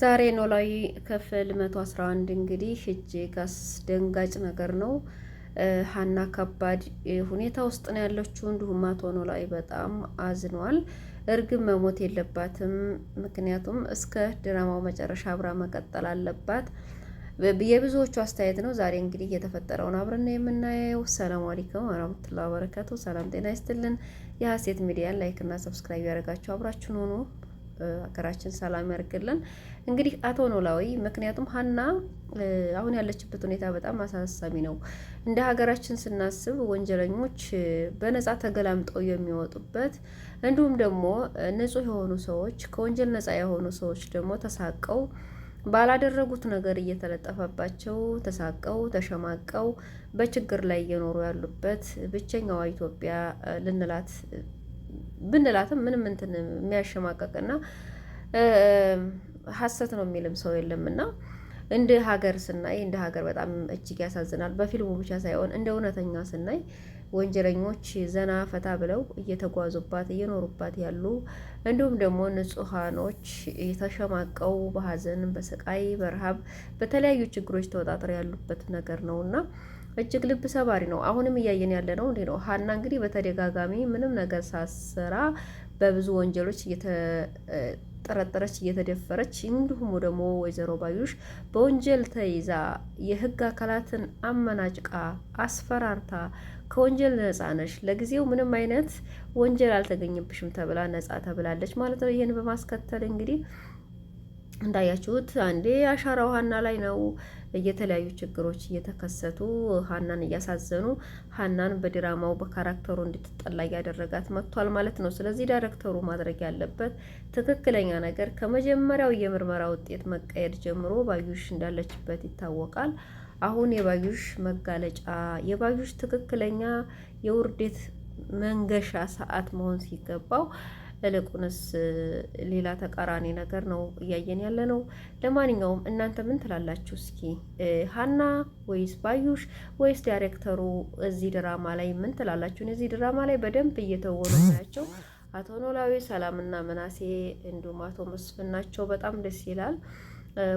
ዛሬ ኖላዊ ክፍል 111 እንግዲህ እጅግ አስደንጋጭ ነገር ነው። ሀና ከባድ ሁኔታ ውስጥ ነው ያለችው። እንዲሁም አቶ ኖላዊ በጣም አዝኗል። እርግብ መሞት የለባትም፣ ምክንያቱም እስከ ድራማው መጨረሻ አብራ መቀጠል አለባት። የብዙዎቹ አስተያየት ነው። ዛሬ እንግዲህ የተፈጠረውን አብረን ነው የምናየው። ሰላም አለይኩም ወራህመቱላሂ ወበረካቱ። ሰላም ጤና ይስጥልን። የሀሴት ሚዲያን ላይክ እና ሰብስክራይብ ያደረጋችሁ አብራችሁን ሆኖ ሀገራችን ሰላም ያርግልን። እንግዲህ አቶ ኖላዊ ምክንያቱም ሀና አሁን ያለችበት ሁኔታ በጣም አሳሳቢ ነው። እንደ ሀገራችን ስናስብ ወንጀለኞች በነጻ ተገላምጠው የሚወጡበት እንዲሁም ደግሞ ንጹህ የሆኑ ሰዎች ከወንጀል ነጻ የሆኑ ሰዎች ደግሞ ተሳቀው ባላደረጉት ነገር እየተለጠፈባቸው ተሳቀው ተሸማቀው በችግር ላይ እየኖሩ ያሉበት ብቸኛዋ ኢትዮጵያ ልንላት ብንላትም ምንም እንትን የሚያሸማቀቅና ሀሰት ነው የሚልም ሰው የለም እና እንደ ሀገር ስናይ እንደ ሀገር በጣም እጅግ ያሳዝናል። በፊልሙ ብቻ ሳይሆን እንደ እውነተኛ ስናይ ወንጀለኞች ዘና ፈታ ብለው እየተጓዙባት እየኖሩባት ያሉ እንዲሁም ደግሞ ንጹሐኖች የተሸማቀው በሀዘን በስቃይ በረሀብ በተለያዩ ችግሮች ተወጣጥረው ያሉበት ነገር እና እጅግ ልብ ሰባሪ ነው። አሁንም እያየን ያለ ነው። እንዲ ነው ሀና እንግዲህ በተደጋጋሚ ምንም ነገር ሳሰራ በብዙ ወንጀሎች እየተጠረጠረች እየተደፈረች እንዲሁም ደግሞ ወይዘሮ ባዩሽ በወንጀል ተይዛ የህግ አካላትን አመናጭቃ አስፈራርታ ከወንጀል ነጻ ነሽ፣ ለጊዜው ምንም አይነት ወንጀል አልተገኘብሽም ተብላ ነጻ ተብላለች ማለት ነው። ይህን በማስከተል እንግዲህ እንዳያችሁት አንዴ አሻራው ሀና ላይ ነው። የተለያዩ ችግሮች እየተከሰቱ ሀናን እያሳዘኑ ሀናን በድራማው በካራክተሩ እንድትጠላ እያደረጋት መጥቷል ማለት ነው። ስለዚህ ዳይሬክተሩ ማድረግ ያለበት ትክክለኛ ነገር ከመጀመሪያው የምርመራ ውጤት መቀየር ጀምሮ ባዩሽ እንዳለችበት ይታወቃል። አሁን የባዩሽ መጋለጫ የባዩሽ ትክክለኛ የውርዴት መንገሻ ሰዓት መሆን ሲገባው ይልቁንስ ሌላ ተቃራኒ ነገር ነው እያየን ያለ ነው። ለማንኛውም እናንተ ምን ትላላችሁ? እስኪ ሀና ወይስ ባዩሽ ወይስ ዳይሬክተሩ እዚህ ድራማ ላይ ምን ትላላችሁ? እዚህ ድራማ ላይ በደንብ እየተወኑ ናቸው። አቶ ኖላዊ ሰላምና መናሴ እንዲሁም አቶ መስፍን ናቸው። በጣም ደስ ይላል።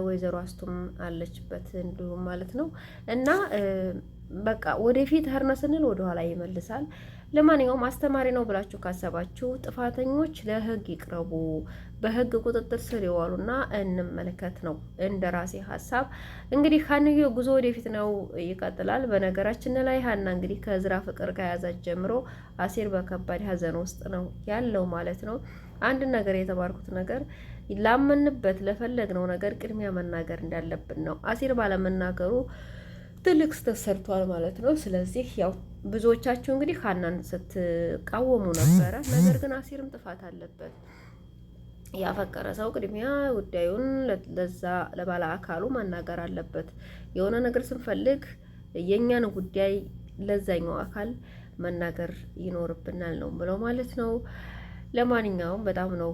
ወይዘሮ አስቱም አለችበት እንዲሁም ማለት ነው እና በቃ ወደፊት ሀርና ስንል ወደኋላ ይመልሳል። ለማንኛውም አስተማሪ ነው ብላችሁ ካሰባችሁ ጥፋተኞች ለህግ ይቅረቡ፣ በህግ ቁጥጥር ስር ይዋሉና እንመልከት ነው እንደ ራሴ ሀሳብ። እንግዲህ ሀንዬ ጉዞ ወደፊት ነው ይቀጥላል። በነገራችን ላይ ሀና እንግዲህ ከዝራ ፍቅር ከያዛት ጀምሮ አሴር በከባድ ሀዘን ውስጥ ነው ያለው ማለት ነው። አንድ ነገር የተባርኩት ነገር ላመንበት ለፈለግነው ነገር ቅድሚያ መናገር እንዳለብን ነው። አሴር ባለመናገሩ ትልቅ ስህተት ሰርቷል ማለት ነው። ስለዚህ ያው ብዙዎቻችሁ እንግዲህ ሀናን ስትቃወሙ ነበረ። ነገር ግን አሲርም ጥፋት አለበት። ያፈቀረ ሰው ቅድሚያ ጉዳዩን ለዛ ለባለ አካሉ ማናገር አለበት። የሆነ ነገር ስንፈልግ የእኛን ጉዳይ ለዛኛው አካል መናገር ይኖርብናል ነው ብለው ማለት ነው። ለማንኛውም በጣም ነው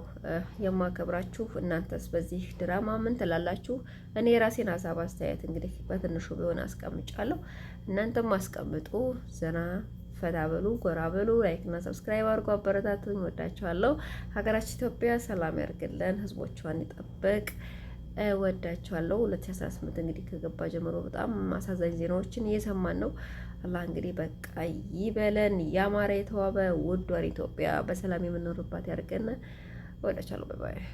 የማከብራችሁ። እናንተስ በዚህ ድራማ ምን ትላላችሁ? እኔ የራሴን ሀሳብ አስተያየት እንግዲህ በትንሹ ቢሆን አስቀምጫለሁ። እናንተም አስቀምጡ። ዘና ፈታ በሉ፣ ጎራ በሉ። ላይክና ሰብስክራይብ አድርጎ አበረታቱኝ። ወዳችኋለሁ። ሀገራችን ኢትዮጵያ ሰላም ያርግልን፣ ህዝቦቿን ይጠብቅ። ወዳችኋለሁ። 2018 እንግዲህ ከገባ ጀምሮ በጣም አሳዛኝ ዜናዎችን እየሰማን ነው። አላህ እንግዲህ በቃ ይበለን። ያማረ የተዋበ ውዷን ኢትዮጵያ በሰላም የምንኖርባት ያድርገን። ወዳችኋለሁ። ባይ ባይ